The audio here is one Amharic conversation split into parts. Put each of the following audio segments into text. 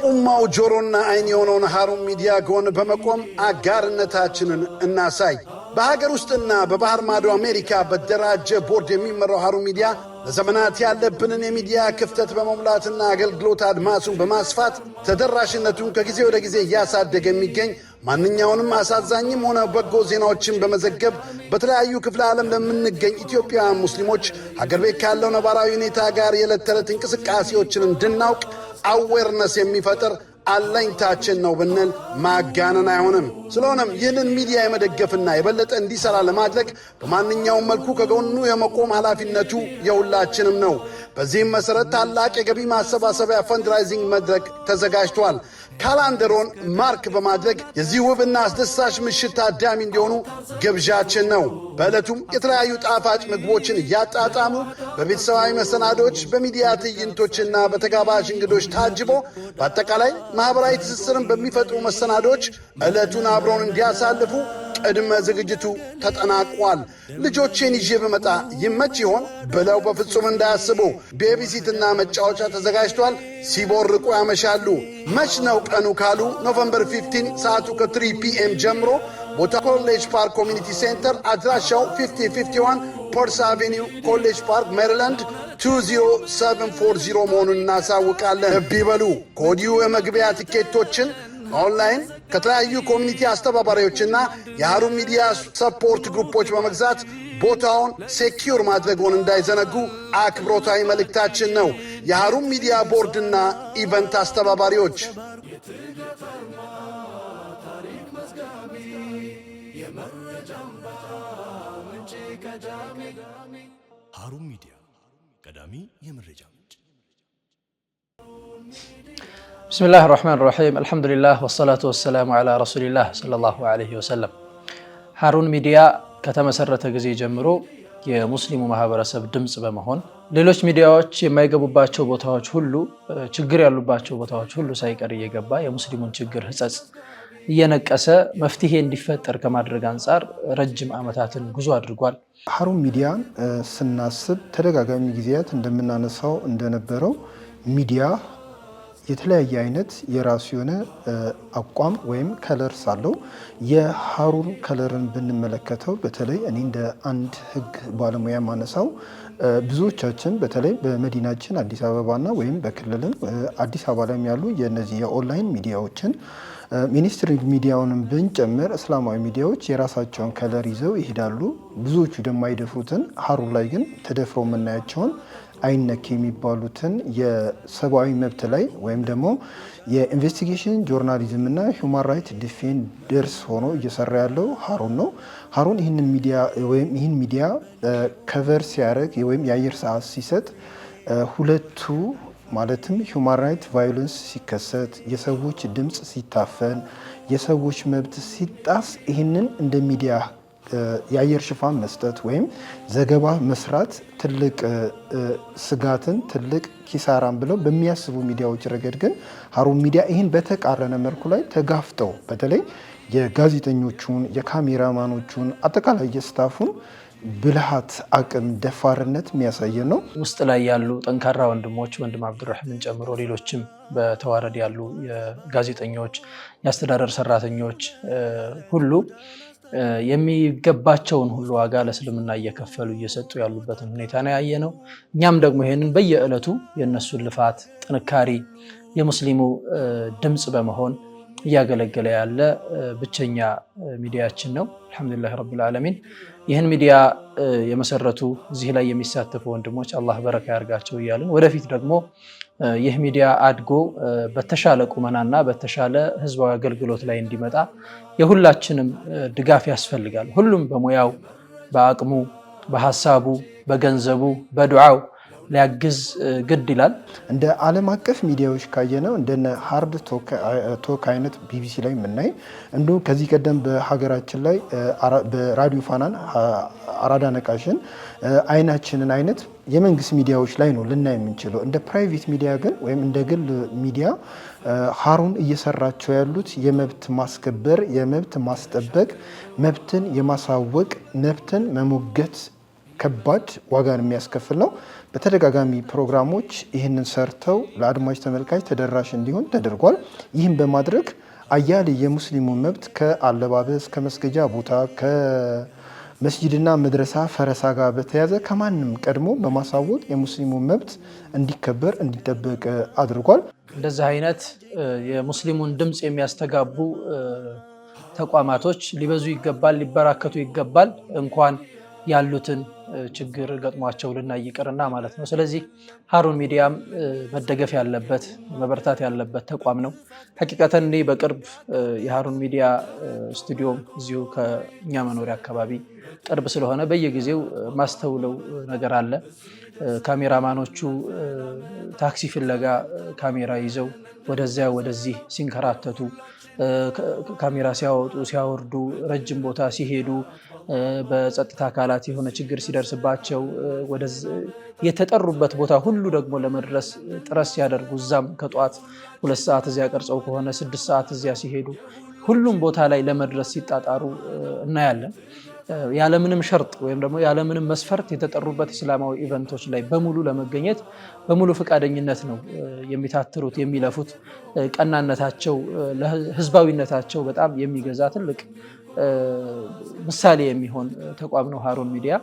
የኡማው ጆሮና አይን የሆነውን ሐሩን ሚዲያ ጎን በመቆም አጋርነታችንን እናሳይ። በሀገር ውስጥና በባህር ማዶ አሜሪካ በደራጀ ቦርድ የሚመራው ሐሩን ሚዲያ ለዘመናት ያለብንን የሚዲያ ክፍተት በመሙላትና አገልግሎት አድማሱን በማስፋት ተደራሽነቱን ከጊዜ ወደ ጊዜ እያሳደገ የሚገኝ ማንኛውንም አሳዛኝም ሆነ በጎ ዜናዎችን በመዘገብ በተለያዩ ክፍለ ዓለም ለምንገኝ ኢትዮጵያውያን ሙስሊሞች ሀገር ቤት ካለው ነባራዊ ሁኔታ ጋር የዕለት ተዕለት እንቅስቃሴዎችን እንድናውቅ አዌርነስ የሚፈጥር አለኝታችን ነው ብንል ማጋነን አይሆንም። ስለሆነም ይህንን ሚዲያ የመደገፍና የበለጠ እንዲሰራ ለማድረግ በማንኛውም መልኩ ከጎኑ የመቆም ኃላፊነቱ የሁላችንም ነው። በዚህም መሠረት ታላቅ የገቢ ማሰባሰቢያ ፈንድራይዚንግ መድረክ ተዘጋጅቷል። ካላንደሮን ማርክ በማድረግ የዚህ ውብና አስደሳች ምሽት ታዳሚ እንዲሆኑ ግብዣችን ነው። በዕለቱም የተለያዩ ጣፋጭ ምግቦችን እያጣጣሙ በቤተሰባዊ መሰናዶች፣ በሚዲያ ትዕይንቶችና በተጋባዥ እንግዶች ታጅቦ በአጠቃላይ ማኅበራዊ ትስስርን በሚፈጥሩ መሰናዶች ዕለቱን አብረውን እንዲያሳልፉ ቅድመ ዝግጅቱ ተጠናቋል። ልጆቼን ይዤ ብመጣ ይመች ይሆን ብለው በፍጹም እንዳያስቡ ቤቢሲትና መጫወቻ ተዘጋጅቷል። ሲቦርቁ ያመሻሉ። መች ነው ቀኑ ካሉ ኖቨምበር 15 ሰዓቱ ከ3 ፒኤም ጀምሮ ቦታ ኮሌጅ ፓርክ ኮሚኒቲ ሴንተር አድራሻው 551 ፖርስ አቬኒው ኮሌጅ ፓርክ ሜሪላንድ 20740 መሆኑን እናሳውቃለን። እቢ በሉ ከወዲሁ የመግቢያ ትኬቶችን ኦንላይን ከተለያዩ ኮሚኒቲ አስተባባሪዎችና የሀሩን ሚዲያ ሰፖርት ግሩፖች በመግዛት ቦታውን ሴኪር ማድረጉን እንዳይዘነጉ አክብሮታዊ መልእክታችን ነው። የሀሩን ሚዲያ ቦርድና ኢቨንት አስተባባሪዎች ሀሩን ሚዲያ ቀዳሚ የመረጃ ምንጭ ብስሚላህ ራሕማን ራሒም አልሐምዱሊላህ ወሰላቱ ወሰላሙ ዓላ ረሱሊላህ ሰለላሁ ዓለይሂ ወሰለም። ሀሩን ሚዲያ ከተመሰረተ ጊዜ ጀምሮ የሙስሊሙ ማህበረሰብ ድምፅ በመሆን ሌሎች ሚዲያዎች የማይገቡባቸው ቦታዎች ሁሉ ችግር ያሉባቸው ቦታዎች ሁሉ ሳይቀር እየገባ የሙስሊሙን ችግር ሕጸጽ እየነቀሰ መፍትሄ እንዲፈጠር ከማድረግ አንጻር ረጅም ዓመታትን ጉዞ አድርጓል። ሀሩን ሚዲያን ስናስብ ተደጋጋሚ ጊዜያት እንደምናነሳው እንደነበረው ሚዲያ የተለያየ አይነት የራሱ የሆነ አቋም ወይም ከለርስ አለው። የሀሩን ከለርን ብንመለከተው በተለይ እኔ እንደ አንድ ህግ ባለሙያ ማነሳው ብዙዎቻችን በተለይ በመዲናችን አዲስ አበባና ወይም በክልልም አዲስ አበባ ላይም ያሉ የነዚህ የኦንላይን ሚዲያዎችን ሚኒስትሪ ሚዲያውንም ብንጨምር እስላማዊ ሚዲያዎች የራሳቸውን ከለር ይዘው ይሄዳሉ። ብዙዎቹ ደግሞ አይደፍሩትን። ሀሩር ላይ ግን ተደፍረው የምናያቸውን አይነክ የሚባሉትን የሰብአዊ መብት ላይ ወይም ደግሞ የኢንቨስቲጌሽን ጆርናሊዝምና ሁማን ራይት ዲፌንደርስ ሆኖ እየሰራ ያለው ሀሩን ነው። ሀሩን ይህንን ሚዲያ ይህን ሚዲያ ከቨር ሲያደርግ ወይም የአየር ሰዓት ሲሰጥ ሁለቱ ማለትም ሁማን ራይት ቫዮለንስ ሲከሰት፣ የሰዎች ድምፅ ሲታፈን፣ የሰዎች መብት ሲጣስ ይህንን እንደ ሚዲያ የአየር ሽፋን መስጠት ወይም ዘገባ መስራት ትልቅ ስጋትን ትልቅ ኪሳራን ብለው በሚያስቡ ሚዲያዎች ረገድ ግን ሀሩን ሚዲያ ይህን በተቃረነ መልኩ ላይ ተጋፍጠው በተለይ የጋዜጠኞቹን የካሜራማኖቹን አጠቃላይ የስታፉን ብልሃት፣ አቅም፣ ደፋርነት የሚያሳየን ነው። ውስጥ ላይ ያሉ ጠንካራ ወንድሞች ወንድም አብዱራህምን ጨምሮ ሌሎችም በተዋረድ ያሉ የጋዜጠኞች፣ የአስተዳደር ሰራተኞች ሁሉ የሚገባቸውን ሁሉ ዋጋ ለእስልምና እየከፈሉ እየሰጡ ያሉበትን ሁኔታ ነው ያየ ነው። እኛም ደግሞ ይህንን በየዕለቱ የእነሱን ልፋት፣ ጥንካሬ የሙስሊሙ ድምፅ በመሆን እያገለገለ ያለ ብቸኛ ሚዲያችን ነው። አልሐምዱሊላህ ረብልዓለሚን ይህን ሚዲያ የመሰረቱ እዚህ ላይ የሚሳተፉ ወንድሞች አላህ በረካ ያርጋቸው እያልን ወደፊት ደግሞ ይህ ሚዲያ አድጎ በተሻለ ቁመናና በተሻለ ህዝባዊ አገልግሎት ላይ እንዲመጣ የሁላችንም ድጋፍ ያስፈልጋል። ሁሉም በሙያው፣ በአቅሙ፣ በሀሳቡ፣ በገንዘቡ፣ በዱዓው ሊያግዝ ግድ ይላል። እንደ ዓለም አቀፍ ሚዲያዎች ካየነው እንደነ ሀርድ ቶክ አይነት ቢቢሲ ላይ የምናይ እንዲሁም ከዚህ ቀደም በሀገራችን ላይ በራዲዮ ፋናን፣ አራዳ ነቃሽን፣ አይናችንን አይነት የመንግስት ሚዲያዎች ላይ ነው ልናይ የምንችለው። እንደ ፕራይቬት ሚዲያ ግን ወይም እንደ ግል ሚዲያ ሀሩን እየሰራቸው ያሉት የመብት ማስከበር፣ የመብት ማስጠበቅ፣ መብትን የማሳወቅ፣ መብትን መሞገት ከባድ ዋጋን የሚያስከፍል ነው። በተደጋጋሚ ፕሮግራሞች ይህንን ሰርተው ለአድማጭ ተመልካች ተደራሽ እንዲሆን ተደርጓል። ይህም በማድረግ አያሌ የሙስሊሙ መብት ከአለባበስ ከመስገጃ ቦታ ከመስጅድና መድረሳ ፈረሳ ጋር በተያዘ ከማንም ቀድሞ በማሳወቅ የሙስሊሙን መብት እንዲከበር እንዲጠበቅ አድርጓል። እንደዚህ አይነት የሙስሊሙን ድምፅ የሚያስተጋቡ ተቋማቶች ሊበዙ ይገባል፣ ሊበራከቱ ይገባል እንኳን ያሉትን ችግር ገጥሟቸው ልናይ ይቅርና ማለት ነው። ስለዚህ ሀሩን ሚዲያም መደገፍ ያለበት መበርታት ያለበት ተቋም ነው። ሀቂቀተን እኔ በቅርብ የሀሩን ሚዲያ ስቱዲዮም እዚሁ ከእኛ መኖሪያ አካባቢ ቅርብ ስለሆነ በየጊዜው ማስተውለው ነገር አለ። ካሜራማኖቹ ታክሲ ፍለጋ ካሜራ ይዘው ወደዚያ ወደዚህ ሲንከራተቱ፣ ካሜራ ሲያወጡ ሲያወርዱ፣ ረጅም ቦታ ሲሄዱ በጸጥታ አካላት የሆነ ችግር ሲደርስባቸው የተጠሩበት ቦታ ሁሉ ደግሞ ለመድረስ ጥረት ሲያደርጉ እዛም ከጠዋት ሁለት ሰዓት እዚያ ቀርጸው ከሆነ ስድስት ሰዓት እዚያ ሲሄዱ ሁሉም ቦታ ላይ ለመድረስ ሲጣጣሩ እናያለን። ያለምንም ሸርጥ ወይም ደግሞ ያለምንም መስፈርት የተጠሩበት እስላማዊ ኢቨንቶች ላይ በሙሉ ለመገኘት በሙሉ ፈቃደኝነት ነው የሚታትሩት የሚለፉት። ቀናነታቸው ለህዝባዊነታቸው በጣም የሚገዛ ትልቅ ምሳሌ የሚሆን ተቋም ነው ሀሩን ሚዲያ።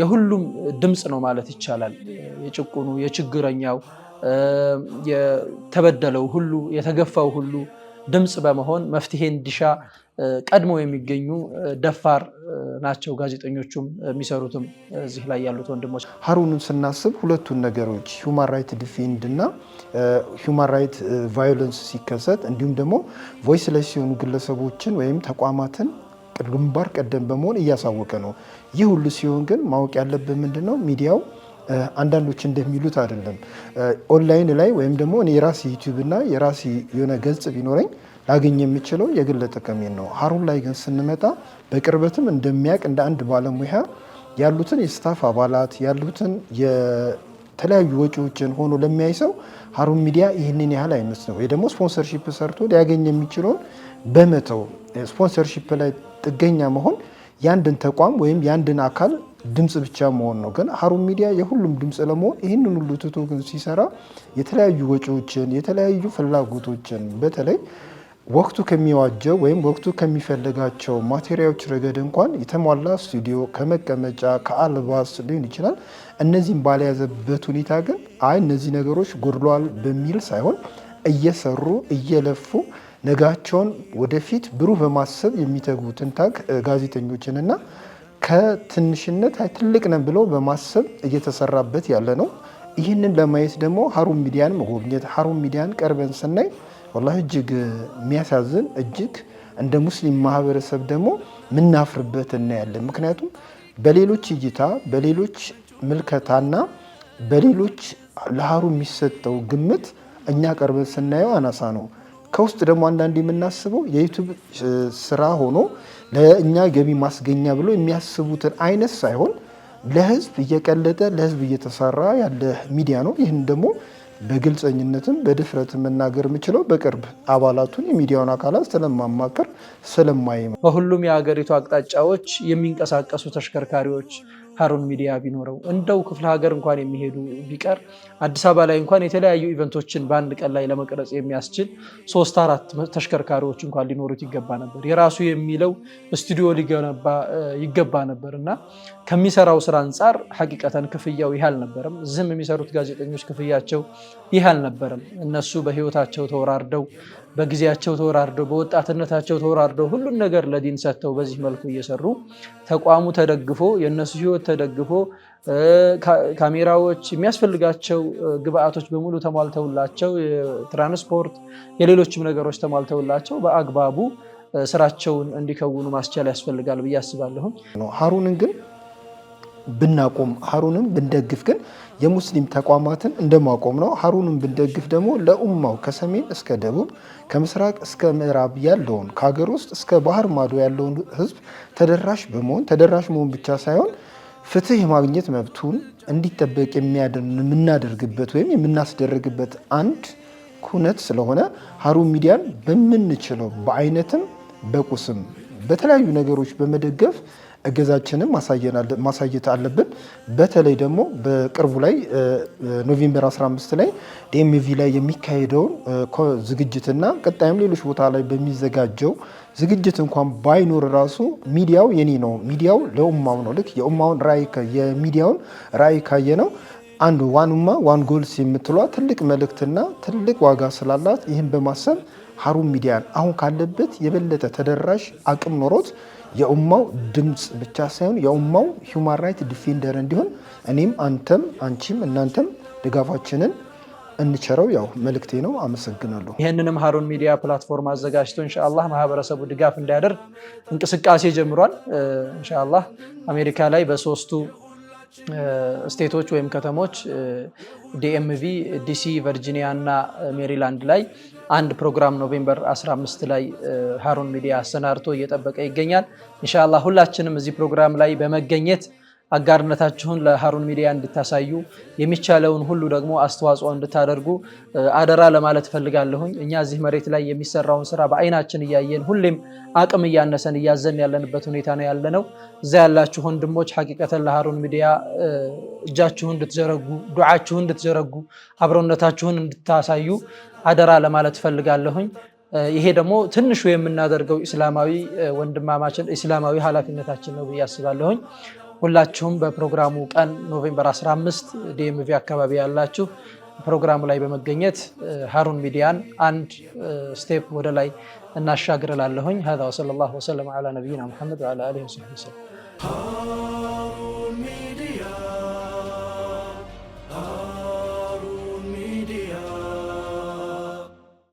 የሁሉም ድምፅ ነው ማለት ይቻላል። የጭቁኑ፣ የችግረኛው፣ የተበደለው ሁሉ የተገፋው ሁሉ ድምፅ በመሆን መፍትሄ እንዲሻ ቀድሞ የሚገኙ ደፋር ናቸው። ጋዜጠኞቹም የሚሰሩትም እዚህ ላይ ያሉት ወንድሞች ሀሩንን ስናስብ ሁለቱን ነገሮች ሁማን ራይት ዲፌንድ እና ሁማን ራይት ቫዮለንስ ሲከሰት እንዲሁም ደግሞ ቮይስለስ ሲሆኑ ግለሰቦችን ወይም ተቋማትን ግንባር ቀደም በመሆን እያሳወቀ ነው። ይህ ሁሉ ሲሆን ግን ማወቅ ያለብን ምንድን ነው ሚዲያው አንዳንዶች እንደሚሉት አይደለም። ኦንላይን ላይ ወይም ደግሞ የራሴ ዩቲዩብ እና የራሴ የሆነ ገጽ ቢኖረኝ ላገኝ የሚችለው የግል ጥቅሜን ነው። ሀሩን ላይ ግን ስንመጣ በቅርበትም እንደሚያውቅ እንደ አንድ ባለሙያ ያሉትን የስታፍ አባላት ያሉትን የተለያዩ ወጪዎችን ሆኖ ለሚያይ ሰው ሀሩን ሚዲያ ይህንን ያህል ነው። ወይ ደግሞ ስፖንሰርሺፕ ሰርቶ ሊያገኝ የሚችለውን በመተው ስፖንሰርሺፕ ላይ ጥገኛ መሆን የአንድን ተቋም ወይም የአንድን አካል ድምፅ ብቻ መሆን ነው። ግን ሀሩን ሚዲያ የሁሉም ድምፅ ለመሆን ይህንን ሁሉ ትቶ ግን ሲሰራ የተለያዩ ወጪዎችን የተለያዩ ፍላጎቶችን በተለይ ወቅቱ ከሚዋጀው ወይም ወቅቱ ከሚፈልጋቸው ማቴሪያዎች ረገድ እንኳን የተሟላ ስቱዲዮ ከመቀመጫ ከአልባስ ሊሆን ይችላል። እነዚህም ባልያዘበት ሁኔታ ግን አይ እነዚህ ነገሮች ጎድሏል በሚል ሳይሆን እየሰሩ እየለፉ ነጋቸውን ወደፊት ብሩህ በማሰብ የሚተጉትን ታግ ጋዜጠኞችንና ከትንሽነት ትልቅ ነን ብለው በማሰብ እየተሰራበት ያለ ነው። ይህንን ለማየት ደግሞ ሀሩን ሚዲያን መጎብኘት ሀሩን ሚዲያን ቀርበን ስናይ ወላሂ እጅግ የሚያሳዝን እጅግ እንደ ሙስሊም ማህበረሰብ ደግሞ ምናፍርበት እናያለን። ምክንያቱም በሌሎች እይታ በሌሎች ምልከታና በሌሎች ለሀሩ የሚሰጠው ግምት እኛ ቀርበን ስናየው አናሳ ነው። ከውስጥ ደግሞ አንዳንድ የምናስበው የዩቱብ ስራ ሆኖ ለእኛ ገቢ ማስገኛ ብሎ የሚያስቡትን አይነት ሳይሆን ለህዝብ እየቀለጠ ለህዝብ እየተሰራ ያለ ሚዲያ ነው። ይህን ደግሞ በግልጸኝነትም በድፍረት መናገር የምችለው በቅርብ አባላቱን የሚዲያውን አካላት ስለማማከር ስለማይ በሁሉም የሀገሪቱ አቅጣጫዎች የሚንቀሳቀሱ ተሽከርካሪዎች ሀሩን ሚዲያ ቢኖረው እንደው ክፍለ ሀገር እንኳን የሚሄዱ ቢቀር አዲስ አበባ ላይ እንኳን የተለያዩ ኢቨንቶችን በአንድ ቀን ላይ ለመቅረጽ የሚያስችል ሶስት አራት ተሽከርካሪዎች እንኳን ሊኖሩት ይገባ ነበር። የራሱ የሚለው ስቱዲዮ ሊገነባ ይገባ ነበር እና ከሚሰራው ስራ አንጻር ሀቂቀተን ክፍያው ይህ አልነበረም። እዚህም የሚሰሩት ጋዜጠኞች ክፍያቸው ይህ አልነበረም። እነሱ በህይወታቸው ተወራርደው በጊዜያቸው ተወራርደው በወጣትነታቸው ተወራርደው ሁሉን ነገር ለዲን ሰጥተው በዚህ መልኩ እየሰሩ ተቋሙ ተደግፎ የእነሱ ህይወት ተደግፎ ካሜራዎች የሚያስፈልጋቸው ግብአቶች በሙሉ ተሟልተውላቸው የትራንስፖርት የሌሎችም ነገሮች ተሟልተውላቸው በአግባቡ ስራቸውን እንዲከውኑ ማስቻል ያስፈልጋል ብዬ አስባለሁም ሀሩንን ግን ብናቆም ሀሩንም ብንደግፍ ግን የሙስሊም ተቋማትን እንደማቆም ነው። ሀሩንም ብንደግፍ ደግሞ ለኡማው ከሰሜን እስከ ደቡብ ከምስራቅ እስከ ምዕራብ ያለውን ከሀገር ውስጥ እስከ ባህር ማዶ ያለውን ህዝብ ተደራሽ በመሆን ተደራሽ መሆን ብቻ ሳይሆን ፍትህ የማግኘት መብቱን እንዲጠበቅ የምናደርግበት ወይም የምናስደርግበት አንድ ኩነት ስለሆነ ሀሩን ሚዲያን በምንችለው በአይነትም በቁስም በተለያዩ ነገሮች በመደገፍ እገዛችንም ማሳየት አለብን። በተለይ ደግሞ በቅርቡ ላይ ኖቬምበር 15 ላይ ዲኤምቪ ላይ የሚካሄደውን ዝግጅትና ቀጣይም ሌሎች ቦታ ላይ በሚዘጋጀው ዝግጅት እንኳን ባይኖር ራሱ ሚዲያው የኔ ነው፣ ሚዲያው ለኡማው ነው። ልክ የኡማውን የሚዲያውን ራዕይ ካየ ነው አንድ ዋን ኡማ ዋን ጎልስ የምትሏ ትልቅ መልእክትና ትልቅ ዋጋ ስላላት ይህን በማሰብ ሀሩን ሚዲያን አሁን ካለበት የበለጠ ተደራሽ አቅም ኖሮት የኡማው ድምፅ ብቻ ሳይሆን የኡማው ሂውማን ራይት ዲፌንደር እንዲሆን እኔም አንተም አንቺም እናንተም ድጋፋችንን እንቸረው ያው መልእክቴ ነው። አመሰግናለሁ። ይህንንም ሀሩን ሚዲያ ፕላትፎርም አዘጋጅቶ እንሻላ ማህበረሰቡ ድጋፍ እንዲያደርግ እንቅስቃሴ ጀምሯል። እንሻላ አሜሪካ ላይ በሶስቱ ስቴቶች ወይም ከተሞች ዲኤምቪ ዲሲ፣ ቨርጂኒያ እና ሜሪላንድ ላይ አንድ ፕሮግራም ኖቬምበር 15 ላይ ሀሩን ሚዲያ አሰናድቶ እየጠበቀ ይገኛል። እንሻላ ሁላችንም እዚህ ፕሮግራም ላይ በመገኘት አጋርነታችሁን ለሀሩን ሚዲያ እንድታሳዩ የሚቻለውን ሁሉ ደግሞ አስተዋጽኦ እንድታደርጉ አደራ ለማለት ፈልጋለሁኝ። እኛ እዚህ መሬት ላይ የሚሰራውን ስራ በአይናችን እያየን ሁሌም አቅም እያነሰን እያዘን ያለንበት ሁኔታ ነው ያለ ነው። እዛ ያላችሁ ወንድሞች ሀቂቀተን ለሀሩን ሚዲያ እጃችሁን እንድትዘረጉ፣ ዱዓችሁን እንድትዘረጉ፣ አብሮነታችሁን እንድታሳዩ አደራ ለማለት ፈልጋለሁኝ። ይሄ ደግሞ ትንሹ የምናደርገው ኢስላማዊ ወንድማማችን ኢስላማዊ ኃላፊነታችን ነው ብዬ አስባለሁኝ። ሁላችሁም በፕሮግራሙ ቀን ኖቬምበር 15 ዲኤምቪ አካባቢ ያላችሁ ፕሮግራሙ ላይ በመገኘት ሀሩን ሚዲያን አንድ ስቴፕ ወደ ላይ እናሻግር እላለሁኝ። ሀዛ ወሰለላሁ ወሰለም ዓላ ነቢይና ሙሐመድ ወዓላ አሊሂ ወሰለም